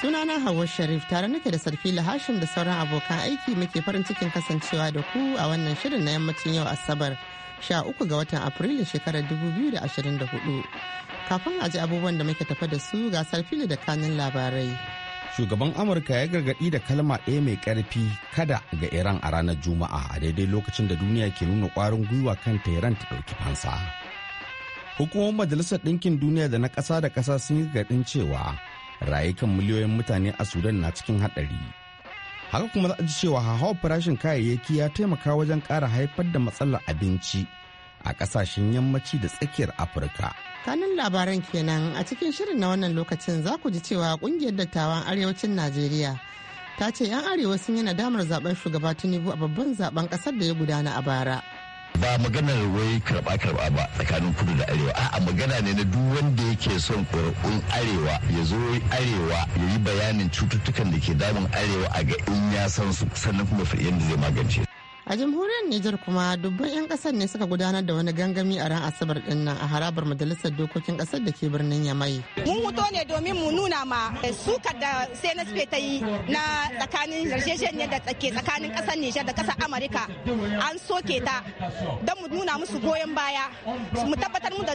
sunana hawa Sharif tare nake da Sarfila Hashim da sauran abokan aiki muke farin cikin kasancewa da ku a wannan shirin na yammacin yau Asabar 13 ga watan Afrilu shekarar 2024. Kafin a ji abubuwan da muke tafa da su ga Sarfila da kanin labarai. Shugaban Amurka ya gargaɗi da kalma ɗaya mai karfi kada ga Iran a ranar Juma'a a daidai lokacin da duniya ke nuna ƙwarin gwiwa kan Tehran ta ɗauki fansa. Hukumomin Majalisar Ɗinkin Duniya da na ƙasa da ƙasa sun yi gargadin cewa rayukan miliyoyin mutane a sudan na cikin haɗari haka kuma za a ji cewa hauhawar farashin kayayyaki ya taimaka wajen ƙara haifar da matsalar abinci a ƙasashen yammaci da tsakiyar afirka kanun labaran kenan a cikin shirin na wannan lokacin za ku ji cewa ƙungiyar dattawan arewacin najeriya ta ce 'yan arewa sun yi nadamar zaben shugaba tinubu a babban zaben ƙasar da ya gudana a bara ba maganar wai karba-karba ba tsakanin kudu da arewa a'a magana ne na duk wanda yake son ƙuri'un arewa ya zo arewa ya yi bayanin cututtukan da ke damun arewa a ga in ya san su sannan kuma yadda zai magance a jamhuriyar niger kuma dubban 'yan kasar ne suka gudanar da wani gangami a ran asabar din nan a harabar majalisar dokokin kasar da ke birnin yamai mun wuto ne domin mu nuna ma eh, suka da sai na ta yi na tsakanin yarjejeniyar da ke tsakanin kasar niger da kasar amurka an soke ta don mu nuna musu goyon baya mu tabbatar mu da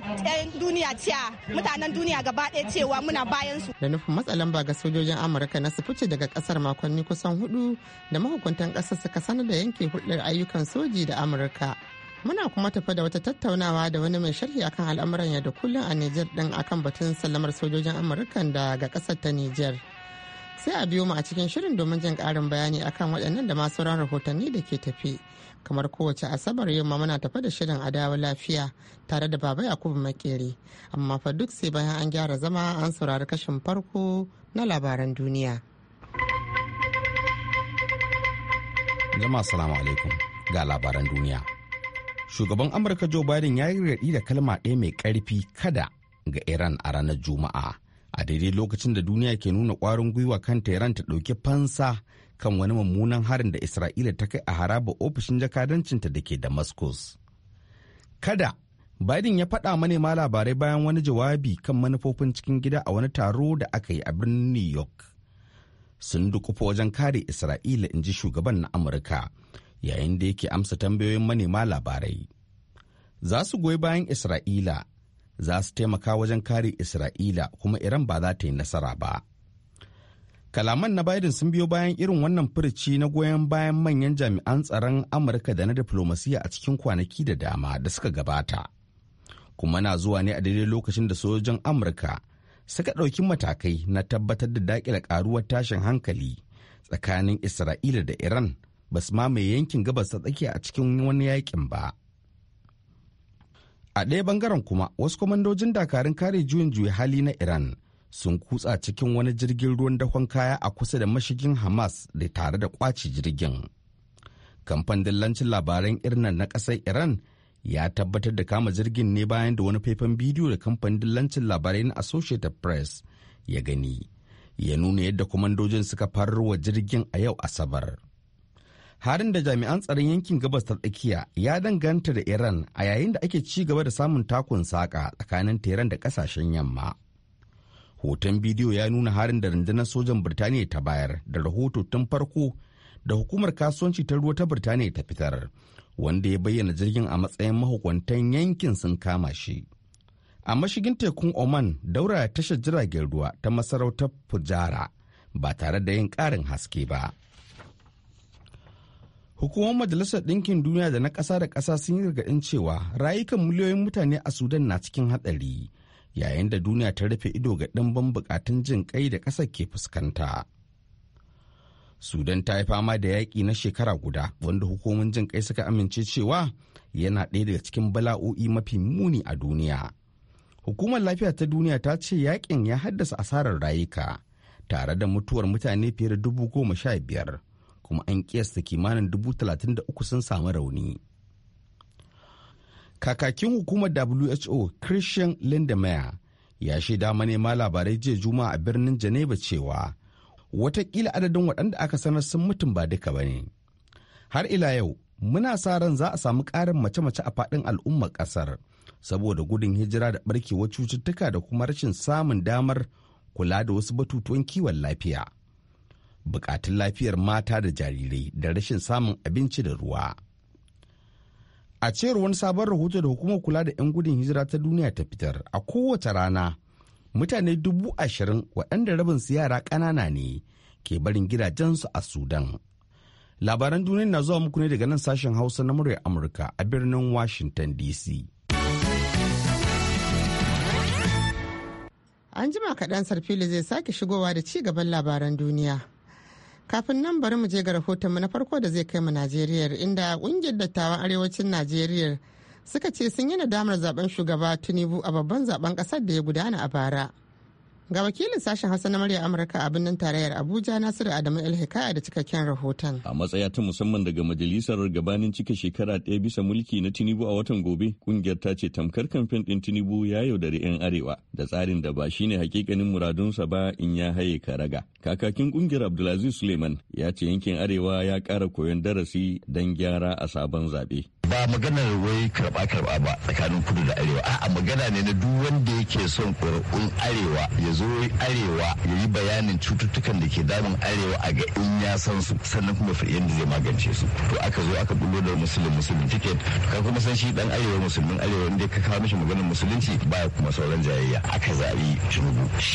duniya cewa mutanen duniya gaba ɗaya cewa muna bayan su da nufin matsalan ba ga sojojin amurka na su fice daga kasar makonni kusan hudu da mahukuntan kasar suka sanar da yanke hulɗar cibiyar ayyukan soji da amurka muna kuma tafa da wata tattaunawa da wani mai sharhi akan al'amuran yau da kullum a niger din akan batun sallamar sojojin amurkan ga kasar ta niger sai a biyo mu a cikin shirin domin jin karin bayani akan waɗannan da masu ran rahotanni da ke tafi kamar kowace asabar yau ma muna tafa da shirin a dawo lafiya tare da baba yakubu makere amma fa duk sai bayan an gyara zama an saurari kashin farko na labaran duniya. jama'a salamu alaikum ga labaran duniya. Shugaban Amurka Joe Biden ya yi raɗi da kalma ɗaya mai ƙarfi kada ga Iran a ranar Juma'a. A daidai lokacin da duniya ke nuna ƙwarin gwiwa kan Iran ta ɗauki fansa kan wani mummunan harin da Isra'ila ta kai a haraba ofishin jakadancinta da ke Damascus. Kada Biden ya faɗa manema labarai bayan wani jawabi kan manufofin cikin gida a wani taro da aka yi a birnin New York. sun dukufa wajen kare Isra'ila in ji shugaban na Amurka yayin da yake amsa tambayoyin manema labarai. Za su goyi bayan Isra'ila, za su taimaka wajen kare Isra'ila kuma Iran ba za ta yi nasara ba. Kalaman na Biden sun biyo bayan irin wannan furici na goyon bayan manyan jami'an tsaron Amurka da na diflomasiya a cikin kwanaki da dama da suka gabata. Kuma na zuwa ne a daidai lokacin da sojojin Amurka suka ɗauki matakai na tabbatar da daƙila ƙaruwar tashin hankali tsakanin Isra'ila da Iran ba su mamaye yankin gabas ta tsakiya a cikin wani yakin ba. A ɗaya bangaren kuma wasu kwamandojin dakarun kare juyin juya hali na Iran sun kutsa cikin wani jirgin ruwan dakon kaya a kusa da mashigin Hamas da tare da kwaci jirgin. Kamfan dillancin labaran Irna na ƙasar Iran ya tabbatar da kama jirgin ne bayan da wani faifan bidiyo da kamfanin dillancin labarai na associated press ya gani ya nuna yadda kwamandojin suka faruwa jirgin a yau asabar harin da jami'an tsaron yankin gabas ta tsakiya ya danganta da iran a yayin da ake ci gaba da samun takun saka tsakanin teran da kasashen yamma hoton bidiyo ya nuna harin da rundunar sojan birtaniya ta bayar da rahoto tun farko da hukumar kasuwanci ta ruwa ta birtaniya ta fitar wanda ya bayyana jirgin a matsayin mahukuntan yankin sun kama shi. A mashigin tekun Oman daura tashar jiragen ruwa ta masarautar Fujara ba tare da yin ƙarin haske ba. Hukumar Majalisar Ɗinkin Duniya da na ƙasa da ƙasa sun yi gargaɗin cewa rayukan miliyoyin mutane a Sudan na cikin hatsari yayin da duniya ta rufe ido ga ɗimbin buƙatun jin ƙai da ƙasar ke fuskanta. sudan ta yi fama da yaƙi na shekara guda wanda hukumomin jin kai suka amince cewa yana ɗaya daga cikin bala'o'i mafi muni a duniya hukumar lafiya ta duniya ta ce yaƙin ya haddasa asarar rayuka tare da mutuwar mutane fiye da dubu goma sha biyar kuma an kiyasta kimanin dubu talatin da uku sun samu rauni kakakin hukumar who christian lindemeyer ya shaida manema labarai jiya juma'a a birnin geneva cewa watakila adadin waɗanda aka sanar sun mutum ba duka ba ne. Har ila yau, muna sa ran za a samu ƙarin mace-mace a faɗin al'ummar ƙasar, saboda gudun hijira da ɓarkewar cututtuka da kuma rashin samun damar kula da wasu batutuwan kiwon lafiya. Bukatun lafiyar mata da jarirai da rashin samun abinci da ruwa. A cewar wani sabon rahoto da hukumar kula da 'yan gudun hijira ta duniya ta fitar, a kowace rana mutane dubu ashirin waɗanda rabin su yara ƙanana ne ke barin gidajensu a sudan labaran duniya na zuwa muku ne daga nan sashen hausa na muryar amurka a birnin washington dc an jima kaɗan sarfili zai sake shigowa da ci gaban labaran duniya kafin nan bari mu je ga rahotonmu na farko da zai kai mu najeriya inda ƙungiyar dattawan arewacin najeriya suka ce sun yi nadamar zaben shugaba tinubu a babban zaben kasar da ya gudana a bara ga wakilin sashen hausa na murya amurka a birnin tarayyar abuja nasiru adamu alhikaya da cikakken rahoton a matsaya ta musamman daga majalisar gabanin cika shekara ɗaya bisa mulki na tinubu a watan gobe kungiyar ta ce tamkar kamfen ɗin tinubu ya yaudari 'yan arewa da tsarin da ba shine hakikanin muradunsa ba in ya haye raga kakakin kungiyar abdulaziz suleiman ya ce yankin arewa ya kara koyon darasi don gyara a sabon zaɓe ba maganar wai karba karba ba tsakanin kudu da arewa a'a magana ne na duk wanda yake son ƙuri'un arewa ya zo arewa ya yi bayanin cututtukan da ke damun arewa a ga in ya san su sannan kuma da zai magance su to aka zo aka bullo da musulun musulun ticket ka kuma san shi dan arewa musulmin arewa inda ka kawo mishi maganar musulunci baya kuma sauran jayayya aka zabi Shi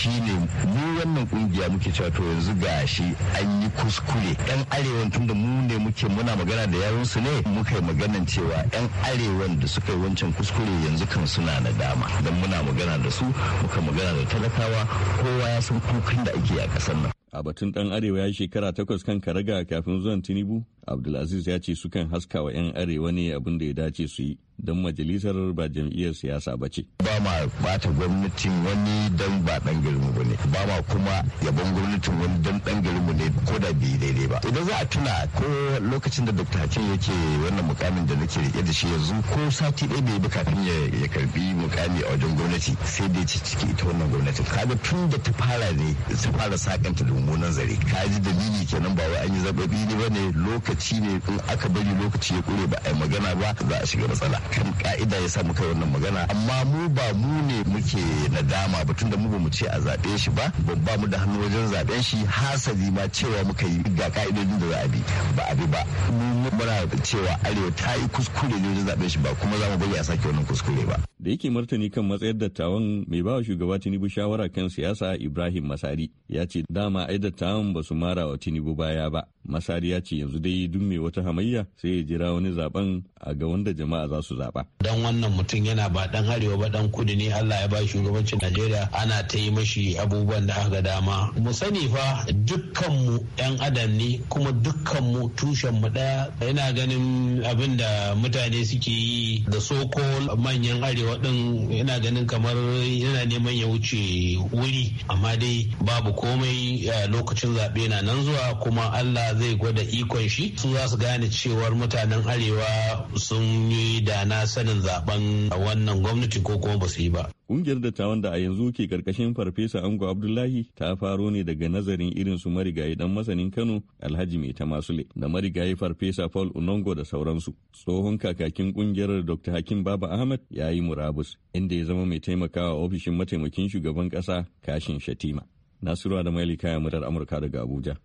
shine mu wannan kungiya muke cewa to yanzu gashi an yi kuskure dan arewa tunda mu ne muke muna magana da yaron su ne muka yi maganar cewa cewa 'yan arewan da suka yi wancan kuskure yanzu kan suna na dama don muna magana da su muka magana da talakawa kowa ya san kukan da ake a ƙasar nan a batun dan arewa ya shekara takwas kan karaga kafin zuwan tinubu abdulaziz ya ce sukan haska wa 'yan arewa ne abin da ya dace su yi don majalisar ba jam'iyyar siyasa ba ce. Ba ma bata gwamnatin wani don ba dan garinmu ba ne, ba ma kuma yabon gwamnatin wani don dan garinmu ne ko da bai daidai ba. Idan za a tuna ko lokacin da Dr. Hakim yake wannan mukamin da nake rike da shi yanzu ko sati ɗaya bai bi kafin ya karbi mukami a wajen gwamnati sai dai ci ciki ita wannan gwamnati. Kaga tun da ta fara ne ta fara sakanta da mummunan zare. Ka ji dalili kenan ba wai an yi zaɓaɓi ne ba ne lokacin lokaci ne in aka bari lokaci ya kure ba a yi magana ba za a shiga matsala kan ka'ida ya sa muka yi wannan magana amma mu ba mu ne muke nadama ba tunda mu ba mu ce a zaɓe shi ba ba ba mu da hannu wajen zaɓen shi hasali ma cewa muka yi ga ka'idojin da za a bi ba a bi ba mu muna cewa arewa ta yi kuskure ne wajen zaɓen shi ba kuma za mu bari a sake wannan kuskure ba. da yake martani kan matsayar dattawan mai bawa shugaba tinubu shawara kan siyasa ibrahim masari ya ce dama ai dattawan ba su mara wa tinubu baya ba masari ya ce yanzu dai dun me wata hamayya sai ya jira wani zaben a ga wanda jama'a za su zaba. Dan wannan mutum yana ba dan arewa ba dan kudu ne Allah ya ba shugabancin Najeriya ana ta yi mashi abubuwan da aka dama. Mu sani fa dukkanmu 'yan adam ne kuma dukkanmu tushenmu ɗaya yana ganin abin da mutane suke yi da soko manyan arewa ɗin yana ganin kamar yana neman ya wuce wuri amma dai babu komai lokacin zaɓe na nan zuwa kuma Allah zai gwada ikon shi su za su gane cewar mutanen arewa sun yi da na sanin zaben wannan gwamnati ko kuma ba su yi ba Ƙungiyar dattawan da a yanzu ke karkashin Farfesa Ango Abdullahi ta faro ne daga nazarin irin su marigayi dan masanin Kano Alhaji Mai Masule da marigayi Farfesa Paul Unongo da sauransu. Tsohon kakakin ƙungiyar Dr. Hakim Baba Ahmad ya yi murabus inda ya zama mai taimakawa ofishin mataimakin shugaban ƙasa Kashin Shatima. Nasiru Adamu Kaya Murar Amurka daga Abuja,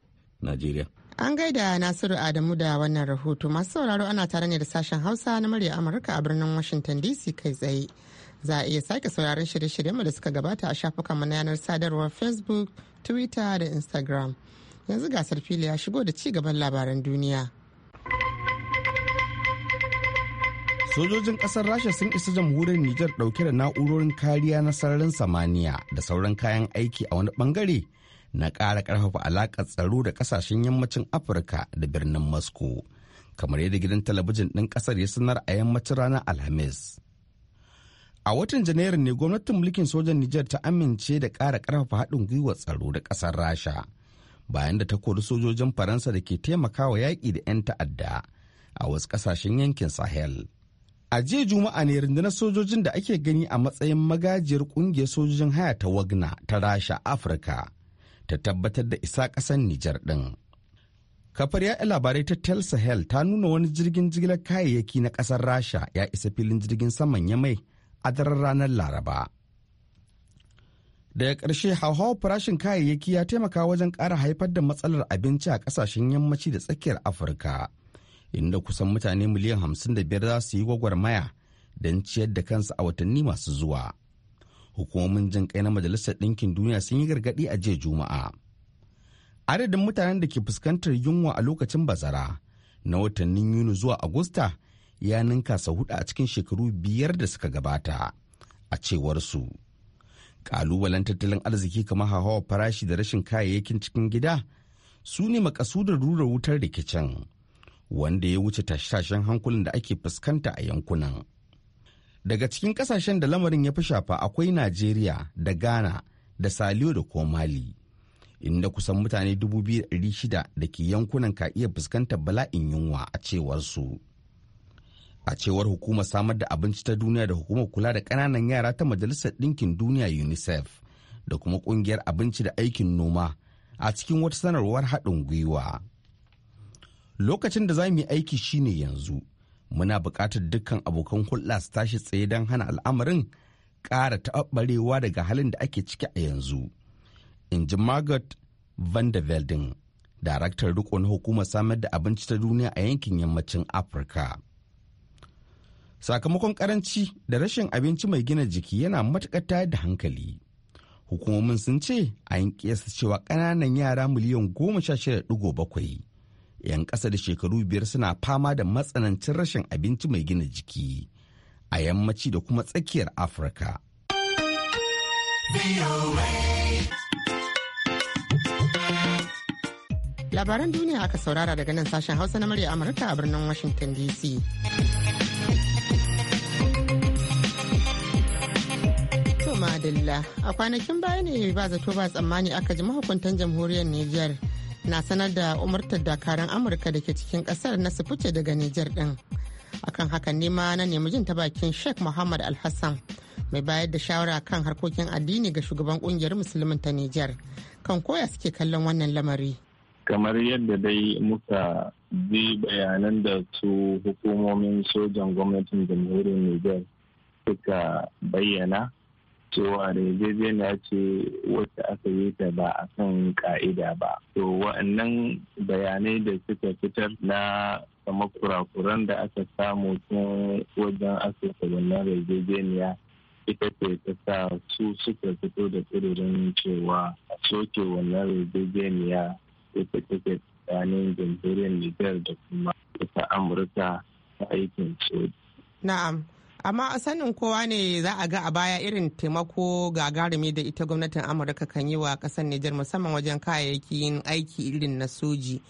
Najeriya. An gaida Nasiru Adamu da wannan rahoto masu sauraro ana tare ne da sashen Hausa na murya Amurka a birnin Washington DC kai tsaye. Za a iya sake sauraron shirye-shiryenmu da suka gabata a shafukanmu na yanar sadarwar Facebook, Twitter da Instagram. Yanzu gasar fili ya shigo da ci gaban labaran duniya. sojojin ƙasar rasha sun isa jamhuriyar nijar ɗauke da na'urorin kariya na sararin samaniya da sauran kayan aiki a wani bangare. na ƙara ƙarfafa alaƙar tsaro da ƙasashen yammacin afirka da birnin moscow kamar yadda gidan talabijin ɗin ƙasar ya sanar a yammacin ranar alhamis a watan janairu ne gwamnatin mulkin sojan nijar ta amince da ƙara ƙarfafa haɗin gwiwar tsaro da ƙasar rasha bayan da ta kori sojojin faransa da ke taimakawa yaƙi da 'yan ta'adda a wasu ƙasashen yankin sahel a jiya juma'a ne rundunar sojojin da ake gani a matsayin magajiyar ƙungiyar sojojin haya ta wagna ta rasha afirka ta tabbatar da isa ƙasar Nijar ɗin. Kafar yaɗa labarai ta Tel Sahel ta nuna wani jirgin jigilar kayayyaki na ƙasar Rasha ya isa filin jirgin saman Yamai a daren ranar Laraba. Daga ƙarshe hauhawar farashin kayayyaki ya taimaka wajen ƙara haifar da matsalar abinci a ƙasashen yammaci da tsakiyar Afirka, inda kusan mutane miliyan 55 za su yi gwagwarmaya don ciyar da kansu a watanni masu zuwa. hukumomin jin kai na majalisar ɗinkin duniya sun yi gargaɗi a jiya juma'a adadin mutanen da ke fuskantar yunwa a lokacin bazara na watannin yuni zuwa agusta ya ninka sa hudu a cikin shekaru biyar da suka gabata a cewar su kalubalen tattalin arziki kamar hawa farashi da rashin kayayyakin cikin gida su ne makasudar rura wutar rikicin wanda ya wuce tashe-tashen hankulin da ake fuskanta a yankunan. daga cikin kasashen da lamarin ya fi shafa akwai najeriya da ghana da saliyo da kuma mali inda kusan mutane 2,600 da ke yankunan ka iya fuskantar bala'in yunwa a cewar su a cewar hukumar samar da abinci ta duniya da hukumar kula da ƙananan yara ta majalisar ɗinkin duniya unicef da kuma ƙungiyar abinci da aikin noma a cikin wata sanarwar haɗin gwiwa lokacin da za mu yi aiki shine yanzu muna buƙatar dukkan abokan hulɗa su tashi tsaye don hana al'amarin ƙara taɓarewa daga halin da ake ciki a yanzu in ji margaret van der velden daraktar riko hukumar samar da abinci ta duniya a yankin yammacin afirka sakamakon karanci da rashin abinci mai gina jiki yana matuƙar tayar da hankali hukumomin sun ce a yin kiyasta cewa ƙananan yara miliyan goma sha shida digo bakwai 'yan ƙasa da shekaru biyar suna fama da matsanancin rashin abinci mai gina jiki a yammaci da kuma tsakiyar afirka labaran duniya aka saurara daga nan sashen hausa na murya amurka a birnin washington dc madalla a kwanakin baya ne ba zato ba tsammani aka ji mahukuntan jamhuriyar niger na sanar da umartar dakaran amurka da ke cikin kasar na su fice daga nijar din akan hakan nema na nemi jin ta bakin sheikh muhammad alhassan mai bayar da shawara kan harkokin addini ga shugaban kungiyar musulmin ta nijar kan koya suke kallon wannan lamari kamar yadda dai muka bi bayanan da su hukumomin sojan gwamnatin jamhuriyar nijar suka bayyana cewa da yarjejeniya ce wacce aka yi ta ba a kan ka'ida ba to wa'annan bayanai da suka fitar na kama kurakuran da aka samu tun wajen aka wannan yarjejeniya ita ce ta sa su suka fito da ƙudurin cewa a soke wannan yarjejeniya ita take tsakanin jamhuriyar nijar da kuma ita amurka ta aikin soji. na'am amma a sanin kowa ne za a ga a baya irin taimako gagarumi da ita gwamnatin amurka kan yi wa kasar nijar musamman wajen kayayyakin aiki irin na soji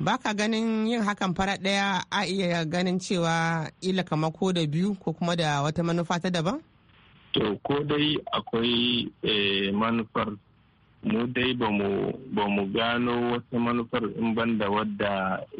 baka ganin yin hakan fara daya a iya ganin cewa ila kamako da biyu ko kuma da wata manufa ta daban to ko dai akwai eh, manufar mu dai ba mu gano wata manufar in banda wadda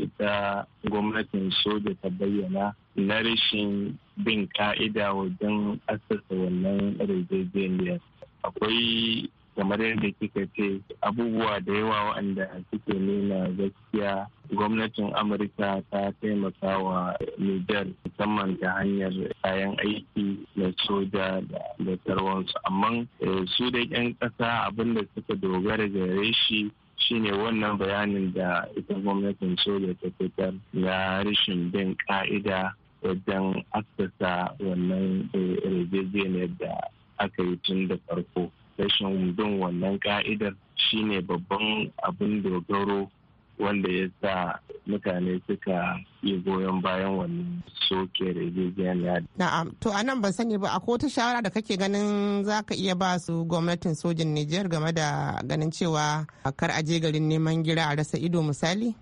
ita gwamnatin soja ta bayyana na rashin bin ka'ida wajen asasa wannan yarjejeniyar akwai kamar yadda kika ce abubuwa da yawa waɗanda suke nuna gaskiya gwamnatin amurka ta taimaka wa niger musamman ta hanyar kayan aiki na soja da tarwansu amma eh, su da 'yan ƙasa abinda suka dogara gare shi shine wannan bayanin da ita gwamnatin soja ta fitar na rashin bin ka'ida wajen aksasa wannan eh, yarjejeniyar da aka yi tun da farko rashin bin wannan ka'idar shine babban abin dogaro wanda ya sa mutane suka yi goyon bayan wannan soke yarjejeniya. Na'am, to a nan ban sani ba akwai wata shawara da kake ganin za ka iya ba su gwamnatin sojin Nijar game da ganin cewa kar aje garin neman gira a rasa ido misali?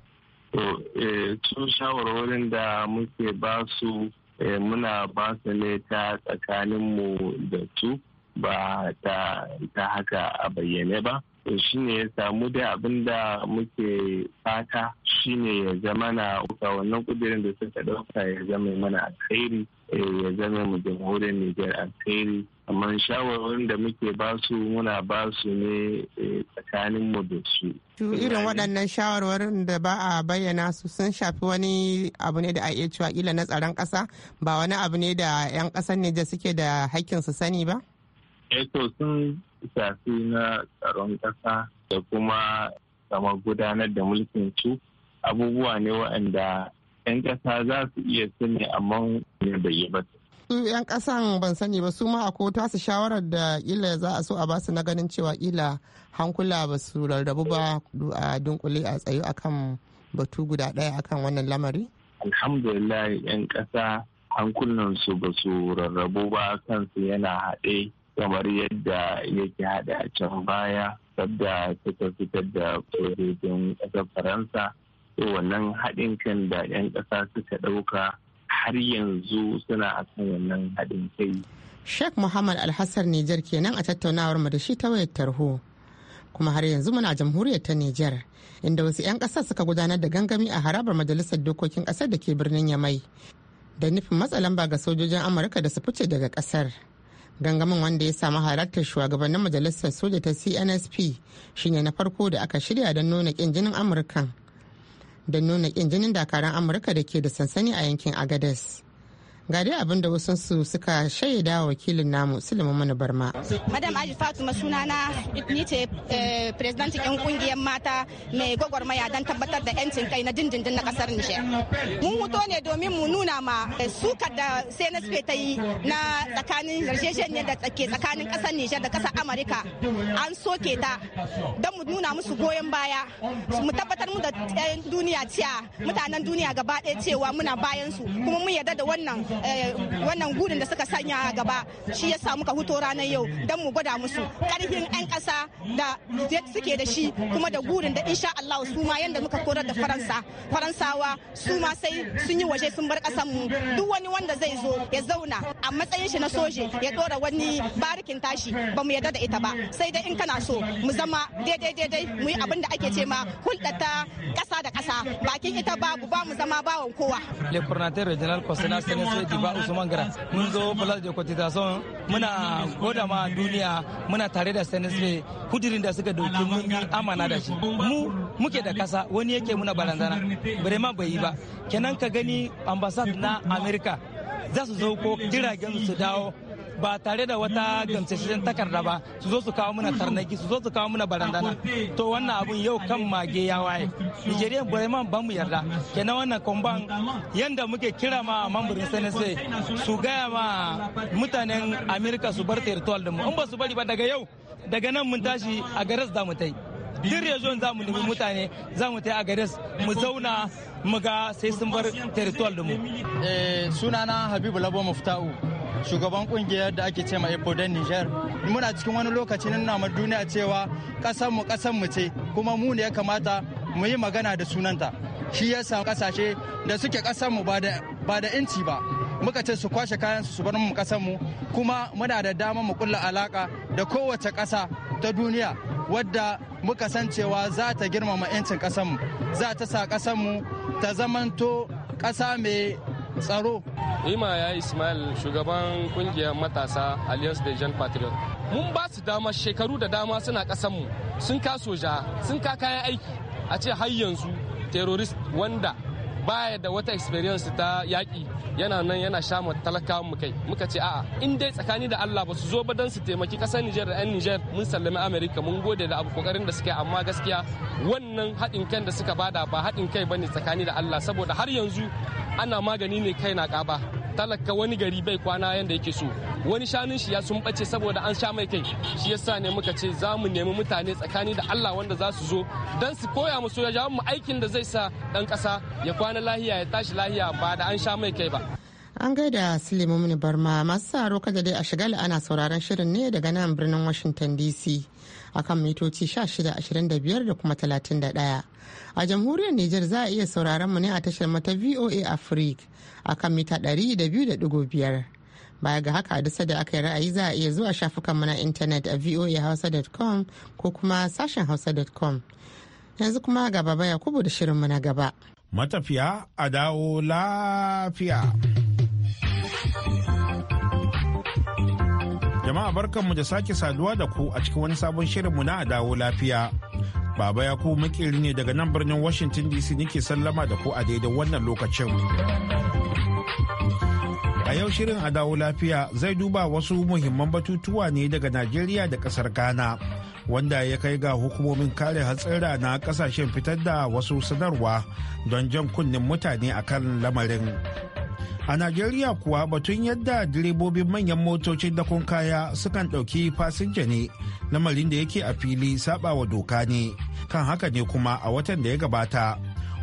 To, eh, su shawarwarin da muke ba su eh, muna ba su ne ta tsakaninmu da su. ba ta haka a bayyane ba to shine ya samu da abin da muke fata shine ya zama na wannan kudirin da suka dauka ya zama mana alkhairi eh, ya zama mu jamhuriyar Nijar alkhairi amma shawarwarin da muke ba su muna ba su ne eh, tsakanin mu da su. irin waɗannan shawarwarin da ba a bayyana su sun shafi wani abu ne da a iya cewa kila na tsaron ƙasa ba wani abu ne da 'yan ƙasar Nijar suke da hakkin su sani ba? eto eh sun shafi na tsaron ƙasa da kuma kamar gudanar da mulkin su abubuwa ne waɗanda 'yan ƙasa za su iya sani amma ne bai yi ba su 'yan kasan ban sani ba su ma a kota su shawarar da ila za a so a basu na ganin cewa ila hankula ba su rarrabu ba a dunkule a tsayu akan batu guda ɗaya akan wannan lamari? alhamdulillah 'yan ƙasa hankulan su ba su rarrabu ba kansu yana haɗe kamar yadda yake haɗa a can baya sabda suka fitar da sojojin ƙasar faransa to wannan haɗin kan da 'yan ƙasa suka ɗauka har yanzu suna a kan wannan haɗin kai Sheikh Muhammad Alhassan Nijar kenan a tattaunawar mu da shi ta wayar tarho. Kuma har yanzu muna jamhuriyar ta Nijar, inda wasu 'yan ƙasa suka gudanar da gangami a harabar majalisar dokokin ƙasar da ke birnin Yamai. Da nufin matsa lamba ga sojojin Amurka da su fice daga ƙasar. gangamin wanda ya samu halartar shugabannin majalisar soja ta cnsp shine na farko da aka shirya don nuna kin jinin amurka don nuna kin jinin dakaran amurka da ke da sansani a yankin agadas ga dai abin da wasu su suka shaida wakilin namu silima mana barma madam aji fatima sunana ni ce eh, presidentin yan kungiyar mata mai gwagwarmaya don tabbatar da yancin kai na dindindin na kasar nishiyar mun hoto ne domin mu nuna ma eh, sukar da cnsp ta yi na tsakanin yarjejeniyar da ke tsakanin kasar nishiyar da kasar amurka an soke ta don mu nuna musu goyon baya mu tabbatar mu da duniya cewa mutanen duniya gaba ɗaya cewa muna bayan su kuma mun yarda da wannan Eh, wannan gudun da suka sanya gaba shi ya sa muka huto ranar yau don mu gwada musu karfin 'yan kasa da suke da shi kuma da gurin da insha Allah su ma yanda muka korar da Faransa Faransawa su ma sai sun yi waje sun bar kasan mu duk wani wanda zai zo ya zauna a matsayin shi na soje ya dora wani barikin tashi ba mu yarda da ita ba sai dai in kana so mu zama daidai daidai mu yi abin da ake ce ma hulɗa ta ƙasa da ƙasa bakin ita babu ba mu zama bawan kowa. Le Coordinateur Regional Conseil ba usman gara mun zo plus de cotisation muna goda ma duniya muna tare da senesre kudirin da suka dauki mun yi amana da shi mu muke da kasa wani yake muna barazana birema bai yi ba kenan ka gani ambasad na america za su zo ko jiragen su dawo ba tare da wata gamsashen takarda ba su zo su kawo mana tarnaki su zo su kawo mana barandana to wannan abun yau kan mage ya waye nigeria bremen ban mu yarda kenan wannan kwamban yanda muke kira ma mamburin senese su gaya ma mutanen amerika su bar territorial din mu in ba su bari ba daga yau daga nan mun tashi a garas da mu tai duk rezon za mu nemi mutane za mu tai a garis, mu zauna mu ga sai sun bar territorial mu eh, sunana habibu labo muftau shugaban kungiyar da ake ce ma da Niger muna cikin wani lokaci na ma duniya cewa kasan mu kasan mu ce kuma mu ne ya kamata mu yi magana da sunanta shi ya yasa kasashe da suke kasan mu ba da inci ba muka ce su kwashe kayan su bar mu kasan mu kuma muna da dama mu kulla alaka da kowace kasa ta duniya wadda muka san cewa za ta girmama 'yancin kasanmu za ta sa kasanmu ta zamanto ƙasa mai tsaro. Ima ya Ismail shugaban kungiyar matasa Alliance de Jean Patriot. Mun ba su dama shekaru da dama suna kasanmu sun ka soja sun ka kayan aiki a ce har yanzu terrorist wanda baya da wata experience ta yaƙi yana nan yana sha talakawa mu kai muka ce a'a in dai tsakani da Allah ba su zo ba don su taimaki ƙasar Niger da 'yan Nijar mun sallami Amerika mun gode da abu kokarin da suka yi amma gaskiya wannan haɗin kan da suka bada ba haɗin kai bane tsakani da Allah saboda har yanzu ana magani ne kai na ƙaba talaka wani gari bai kwana yadda yake so wani shanun shi ya sun bace saboda an sha mai kai shi yasa ne muka ce za mu nemi mutane tsakani da Allah wanda za su zo don su koya mu soja mu aikin da zai sa ɗan ƙasa ya kwana lahiya ya tashi lahiya ba da an sha mai kai ba An gaida Suleiman Mini Barma masu tsaro kada dai a shigar ana sauraron shirin ne daga nan birnin Washington DC akan mitoci 1625 da kuma 31. A jamhuriyar Nijar za a iya sauraron mu ne a tashar mata VOA Africa akan mita 200.5. Baya ga haka a duk da aka yi ra'ayi za a iya zuwa shafukan mana intanet a voahausa.com ko kuma sashen hausa.com. Yanzu kuma gaba baya kubu da shirinmu na gaba. Matafiya a dawo lafiya. Jama'a barkan mu da sake saduwa da ku a cikin wani sabon shirin mu na dawo lafiya. Baba ya ku makiri ne daga nan birnin Washington DC nake sallama da ku a daidai wannan lokacin. A yau shirin a dawo lafiya zai duba wasu muhimman batutuwa ne daga Najeriya da kasar Ghana. Wanda ya kai ga hukumomin kare hatsira na kasashen fitar da wasu sanarwa don jan kunnen mutane akan lamarin. A Najeriya kuwa batun yadda direbobin manyan motocin dakun kaya sukan ɗauki fasinja ne lamarin da yake a fili sabawa doka ne. Kan haka ne kuma a watan da ya gabata,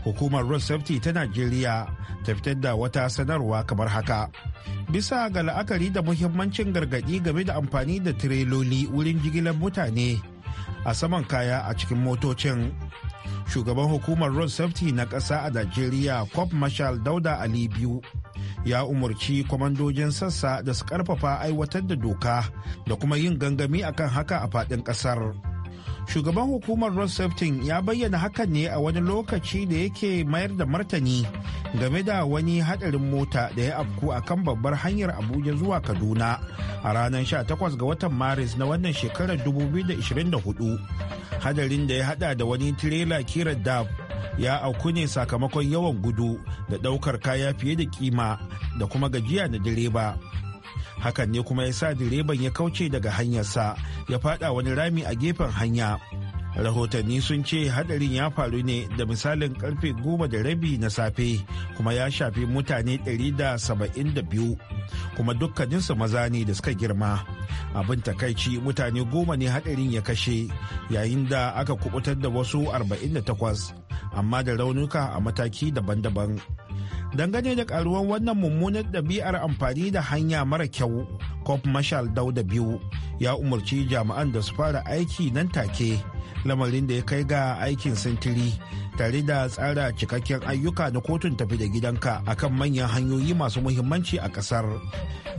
hukumar Road Safety ta Najeriya ta fitar da wata sanarwa kamar haka. Bisa ga la'akari da muhimmancin gargaɗi game da amfani da tireloli wurin jigilar mutane a saman kaya a cikin motocin. Shugaban hukumar Road Safety na ƙasa a Najeriya, Cop Marshal Dauda Ali biyu. ya umarci kwamandojin sassa da su karfafa aiwatar da doka da kuma yin gangami akan haka a fadin kasar. Shugaban hukumar Road Safety ya bayyana hakan ne a wani lokaci da yake mayar da martani game da wani hadarin mota da ya afku a kan babbar hanyar Abuja zuwa Kaduna a ranar 18 ga watan Maris na wannan shekarar 2024. Hadarin da ya hada da wani tirela kira dab. ya auku ne sakamakon yawan gudu da daukar kaya fiye da kima da kuma gajiya na direba hakan ne kuma ya sa direban ya kauce daga hanyarsa ya fada wani rami a gefen hanya rahotanni sun ce hadarin ya faru ne da misalin karfe goma da rabi na safe kuma ya shafi mutane 172 kuma dukkaninsu maza ne da suka girma abin takaici mutane goma ne hadarin ya kashe yayin da aka kubutar da wasu 48 amma da raunuka a mataki daban-daban dangane da karuwan wannan mummunar ɗabi'ar amfani da hanya mara kyau cop marshal dauda biyu ya umarci jami'an da su fara aiki nan take lamarin da ya kai ga aikin sintiri tare da tsara cikakken ayyuka na kotun tafi da gidanka akan manyan hanyoyi masu muhimmanci a kasar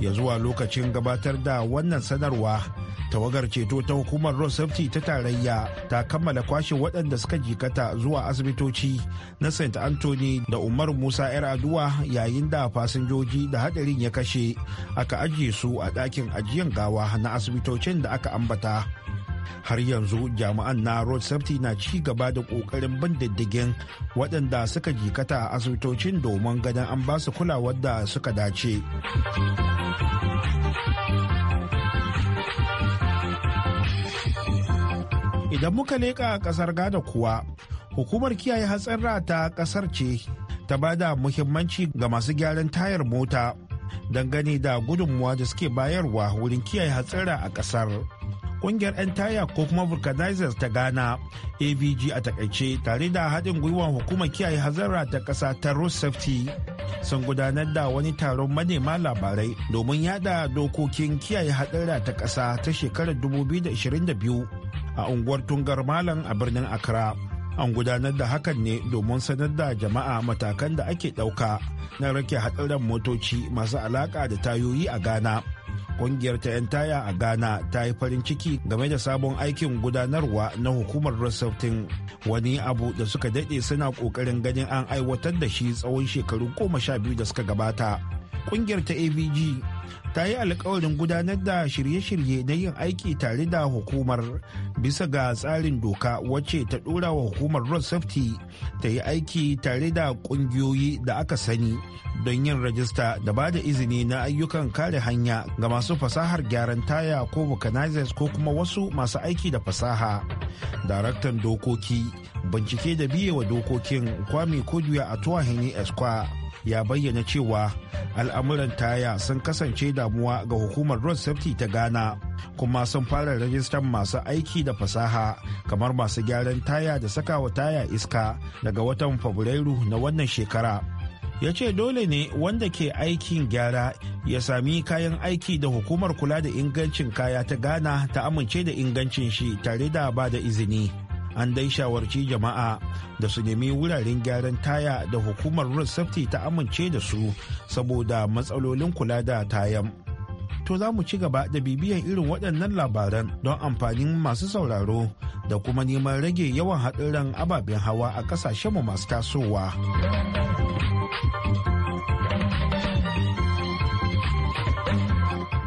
ya zuwa lokacin gabatar da wannan sanarwa tawagar ceto ta hukumar road safety ta tarayya ta kammala kwashe waɗanda suka jikata zuwa asibitoci na st anthony da umar musa yar aduwa yayin da fasinjoji da hadarin ya kashe aka ajiye su a ɗakin ajiyan gawa na asibitocin da aka ambata har yanzu jami'an na road safety na ci gaba da kokarin bin diddigin waɗanda suka jikata a asibitocin domin ganin an ba su kulawar da suka dace idan muka leƙa ƙasar gada kuwa hukumar kiyaye ra ta ƙasar ce ta ba da muhimmanci ga masu gyaran tayar mota dangane da gudunmuwa da suke bayarwa wurin kiyaye hatsara a ƙasar. kungiyar 'yan taya ko kuma vulcanizers ta ghana avg a takaice tare da haɗin gwiwar hukumar kiyaye hazara ta ƙasa ta road safety sun gudanar da wani taron manema labarai domin yada dokokin kiyaye hadara ta ƙasa ta shekarar 2022 a unguwar tungar malam a birnin accra an gudanar da hakan ne domin sanar da jama'a matakan da ake ɗauka na rake haɗarin motoci masu alaƙa da tayoyi a ghana kungiyar ta 'yan taya a ghana ta yi farin ciki game da sabon aikin gudanarwa na hukumar rosaftin wani abu da suka dade suna ƙoƙarin ganin an aiwatar da shi tsawon shekaru goma sha biyu da suka gabata kungiyar ta abg ta yi alkawarin gudanar da shirye-shirye na yin aiki tare da hukumar bisa ga tsarin doka wacce ta dora wa hukumar road safety ta yi aiki tare da kungiyoyi da aka sani don yin rajista da ba da izini na ayyukan kare hanya ga masu fasahar gyaran taya ko vulcanizers ko kuma wasu masu aiki da fasaha daraktan dokoki bincike da biyewa dokokin kwame kujuya a tuwa esquire ya bayyana cewa al'amuran taya sun kasance damuwa ga hukumar road safety ta ghana kuma sun fara rajistan masu aiki da fasaha kamar masu gyaran taya da sakawa taya iska daga watan fabrairu na wannan shekara ya ce dole ne wanda ke aikin gyara ya sami kayan aiki da hukumar kula da ingancin kaya ta ghana ta amince da ingancin shi tare da ba da izini an dai shawarci jama'a da su nemi wuraren gyaran taya da hukumar road safety ta amince da su saboda matsalolin kula da tayan to za mu ci gaba da bibiyan irin waɗannan labaran don amfanin masu sauraro da kuma neman rage yawan ran ababen hawa a ƙasashenmu masu tasowa.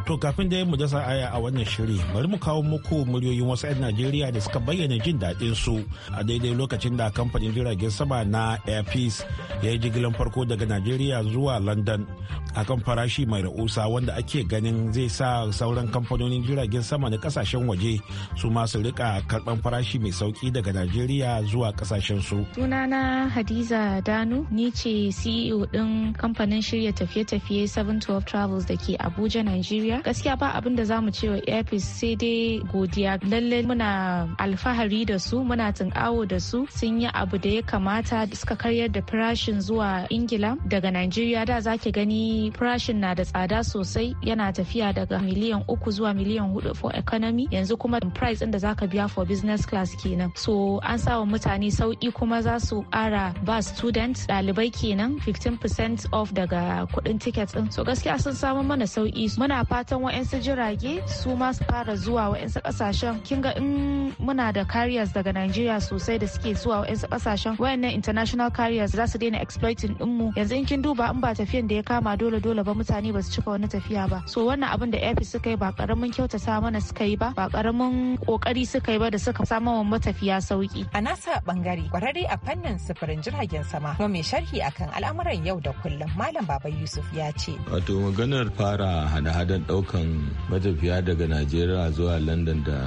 To kafin da mu dasa aya a wannan shiri bari mu kawo muku muryoyin wasu 'yan Najeriya da suka bayyana jin daɗin su a daidai lokacin da kamfanin jiragen sama na Air Peace ya yi jigilan farko daga Najeriya zuwa London akan farashi mai ra'usa wanda ake ganin zai sa sauran kamfanonin jiragen sama na kasashen waje su masu rika karban farashi mai sauki daga Najeriya zuwa kasashen su. Sunana Hadiza Danu ni ce CEO din kamfanin shirya tafiye-tafiye 712 Travels da ke Abuja, nigeria. gaskiya ba abin da zamu ce wa Airpeace sai dai godiya lalle muna alfahari da su muna tunkawo da su sun yi abu da ya kamata suka karyar da farashin zuwa Ingila daga Najeriya da zaki gani farashin na da tsada sosai yana tafiya daga miliyan uku zuwa miliyan hudu for economy yanzu kuma price ɗin da zaka biya for business class kenan so an sa wa mutane sauki kuma za su ƙara ba student ɗalibai kenan 15% off daga kuɗin tickets ɗin so gaskiya sun samu mana sauki muna fata fatan wa'yansu jirage su ma su fara zuwa wa'yansu kasashen kin ga in muna da carriers daga Najeriya sosai da suke zuwa wa'yansu kasashen wayannan international carriers za su daina exploiting mu yanzu in kin duba in ba tafiyan da ya kama dole dole ba mutane ba su cika wani tafiya ba so wannan abin da airfield suka yi ba karamin kyautata mana suka yi ba ba karamin kokari suka yi ba da suka samu wa matafiya sauki a nasa bangare kwararre a fannin sufurin jiragen sama kuma mai sharhi akan al'amuran yau da kullum malam baba yusuf ya ce wato maganar fara hada-hadan daukan matafiya daga najeriya zuwa london da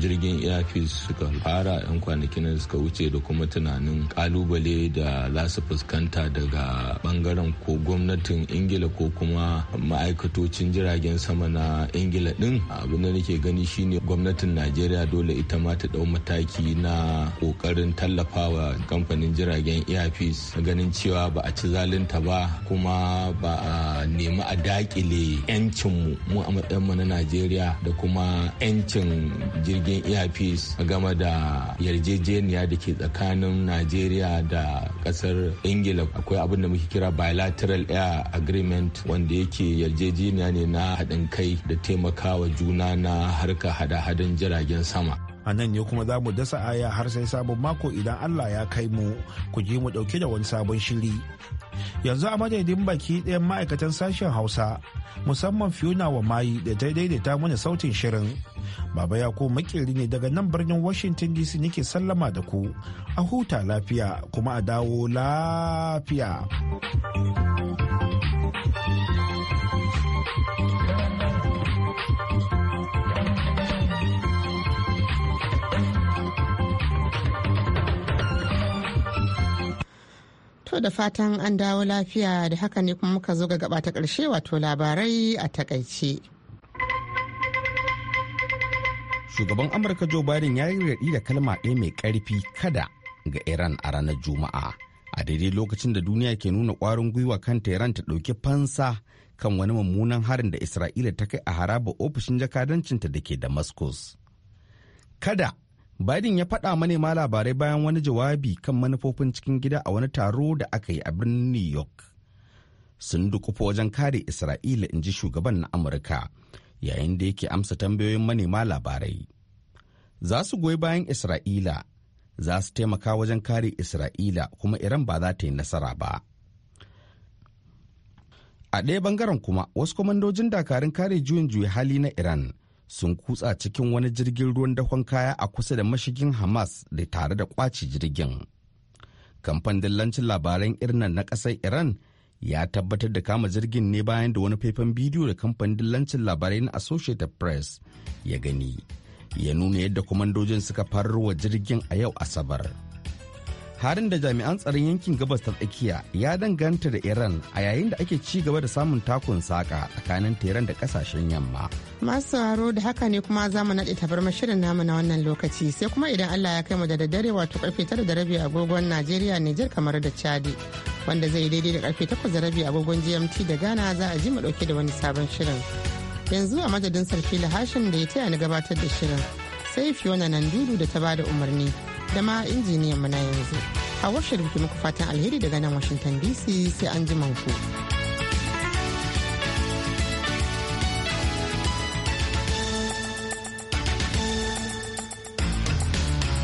jirgin airfield suka fara 'yan kwanakin da suka wuce da kuma tunanin kalubale da za su fuskanta daga bangaren ko gwamnatin ingila ko kuma ma'aikatocin jiragen sama na ingila din abin da nake gani shine gwamnatin najeriya dole ita ma ta dau mataki na kokarin tallafawa kamfanin jiragen airfield ganin cewa ba a ci zalunta ba kuma ba a nemi a dakile 'yancinmu mu a matsayinmu na najeriya da kuma 'yancin jirgin a game da yarjejeniya da ke tsakanin najeriya da kasar ingila akwai abin da muke kira bilateral air agreement wanda yake yarjejeniya ne na haɗin kai da taimakawa juna na harka hada-hadan jiragen sama a nan ne kuma zamu dasa aya har sai sabon mako idan allah ya kai mu ku ji mu dauke da wani sabon shiri yanzu a madadin baki ɗayan ma'aikatan sashen hausa musamman fiona wa mayi da ta daidaita mana sautin shirin baba ya ko makirri ne daga nan birnin washington dc nake sallama da ku a huta lafiya kuma a dawo lafiya To da fatan an dawo lafiya da haka ne kuma muka zo ga gaba ta ƙarshe wato labarai a takaice. Shugaban Amurka Joe Biden ya yi raɗi da kalma ɗaya mai ƙarfi kada ga Iran a ranar Juma'a. A daidai lokacin da duniya ke nuna ƙwarin gwiwa kan Iran ta ɗauki fansa kan wani mummunan harin da Isra'ila ta kai a haraba ofishin jakadancinta da ke Damascus. Kada Biden ya faɗa manema labarai bayan wani jawabi kan manufofin cikin gida a wani taro da aka yi a birnin New York. Sun dukufa wajen kare Isra'ila in ji shugaban na Amurka yayin da yake amsa tambayoyin manema labarai. Za su goyi bayan Isra'ila, za su taimaka wajen kare Isra'ila kuma Iran ba za ta yi nasara ba. A ɗaya bangaren kuma wasu kwamandojin dakarun kare juyin juya hali na Iran sun kutsa cikin wani jirgin ruwan dakon kaya a kusa da mashigin hamas da tare da kwaci jirgin Kamfan dillancin labaran irnan na ƙasar iran ya tabbatar da kama jirgin ne bayan da wani faifan bidiyo da kamfanin dillancin labarai na associated press ya gani ya nuna yadda kwamandojin suka farar wa jirgin a yau asabar harin da jami'an tsaron yankin gabas ta tsakiya ya danganta da iran a yayin da ake ci gaba da samun takun saka tsakanin teran da kasashen yamma masu sauraro da haka ne kuma za mu naɗe tabarmar shirin namu na wannan lokaci sai kuma idan allah ya kai mu da daddare wato karfe tara da rabi agogon najeriya nijar kamar da chadi wanda zai daidai da karfe takwas da rabi agogon gmt da ghana za a ji mu ɗauke da wani sabon shirin yanzu a madadin sarki lahashin da ya taya ni gabatar da shirin sai fiona nan dudu da ta bada umarni da ma injiniyan mu na yanzu. A washe muku fatan alheri daga nan Washington DC sai an ji ku.